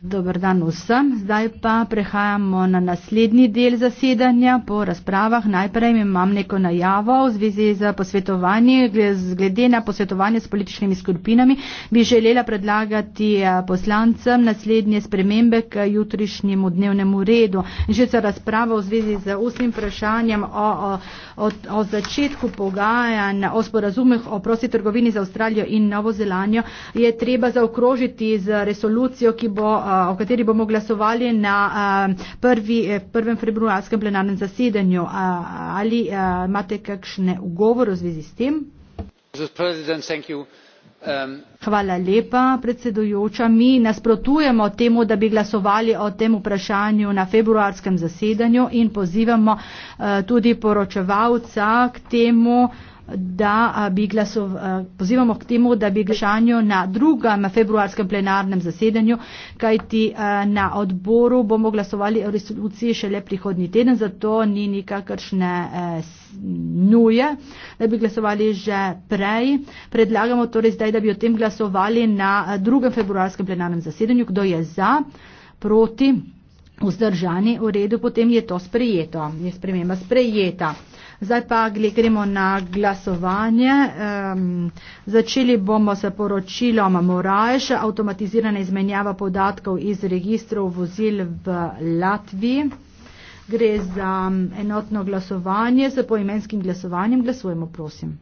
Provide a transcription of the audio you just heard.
Dobar dan vsem. Zdaj pa prehajamo na naslednji del zasedanja po razpravah. Najprej imam neko najavo v zvezi z posvetovanji. Glede na posvetovanje s političnimi skupinami bi želela predlagati eh, poslancem naslednje spremembe k jutrišnjemu dnevnemu redu. Že se razprava v zvezi z ustnim vprašanjem o, o, o, o začetku pogajanj, o sporazumih o prosti trgovini za Avstralijo in Novo Zelanjo je treba zaokrožiti z resolucijo, ki bo eh, o kateri bomo glasovali na prvi, eh, prvem februarskem plenarnem zasedanju. Ali imate kakšne ugovore v zvezi s tem? Um, Hvala lepa, predsedujoča. Mi nasprotujemo temu, da bi glasovali o tem vprašanju na februarskem zasedanju in pozivamo eh, tudi poročevalca k temu, da bi glasov, pozivamo k temu, da bi glasovanju na drugem februarskem plenarnem zasedanju, kajti na odboru bomo glasovali o resoluciji šele prihodnji teden, zato ni nikakršne e, nuje, da bi glasovali že prej. Predlagamo torej zdaj, da bi o tem glasovali na drugem februarskem plenarnem zasedanju. Kdo je za? Proti? vzdržani, v redu, potem je to sprejeto, je sprememba sprejeta. Zdaj pa gremo na glasovanje. Um, začeli bomo s poročilom Moraješ, avtomatizirana izmenjava podatkov iz registrov vozil v Latviji. Gre za enotno glasovanje, s poimenskim glasovanjem glasujemo, prosim.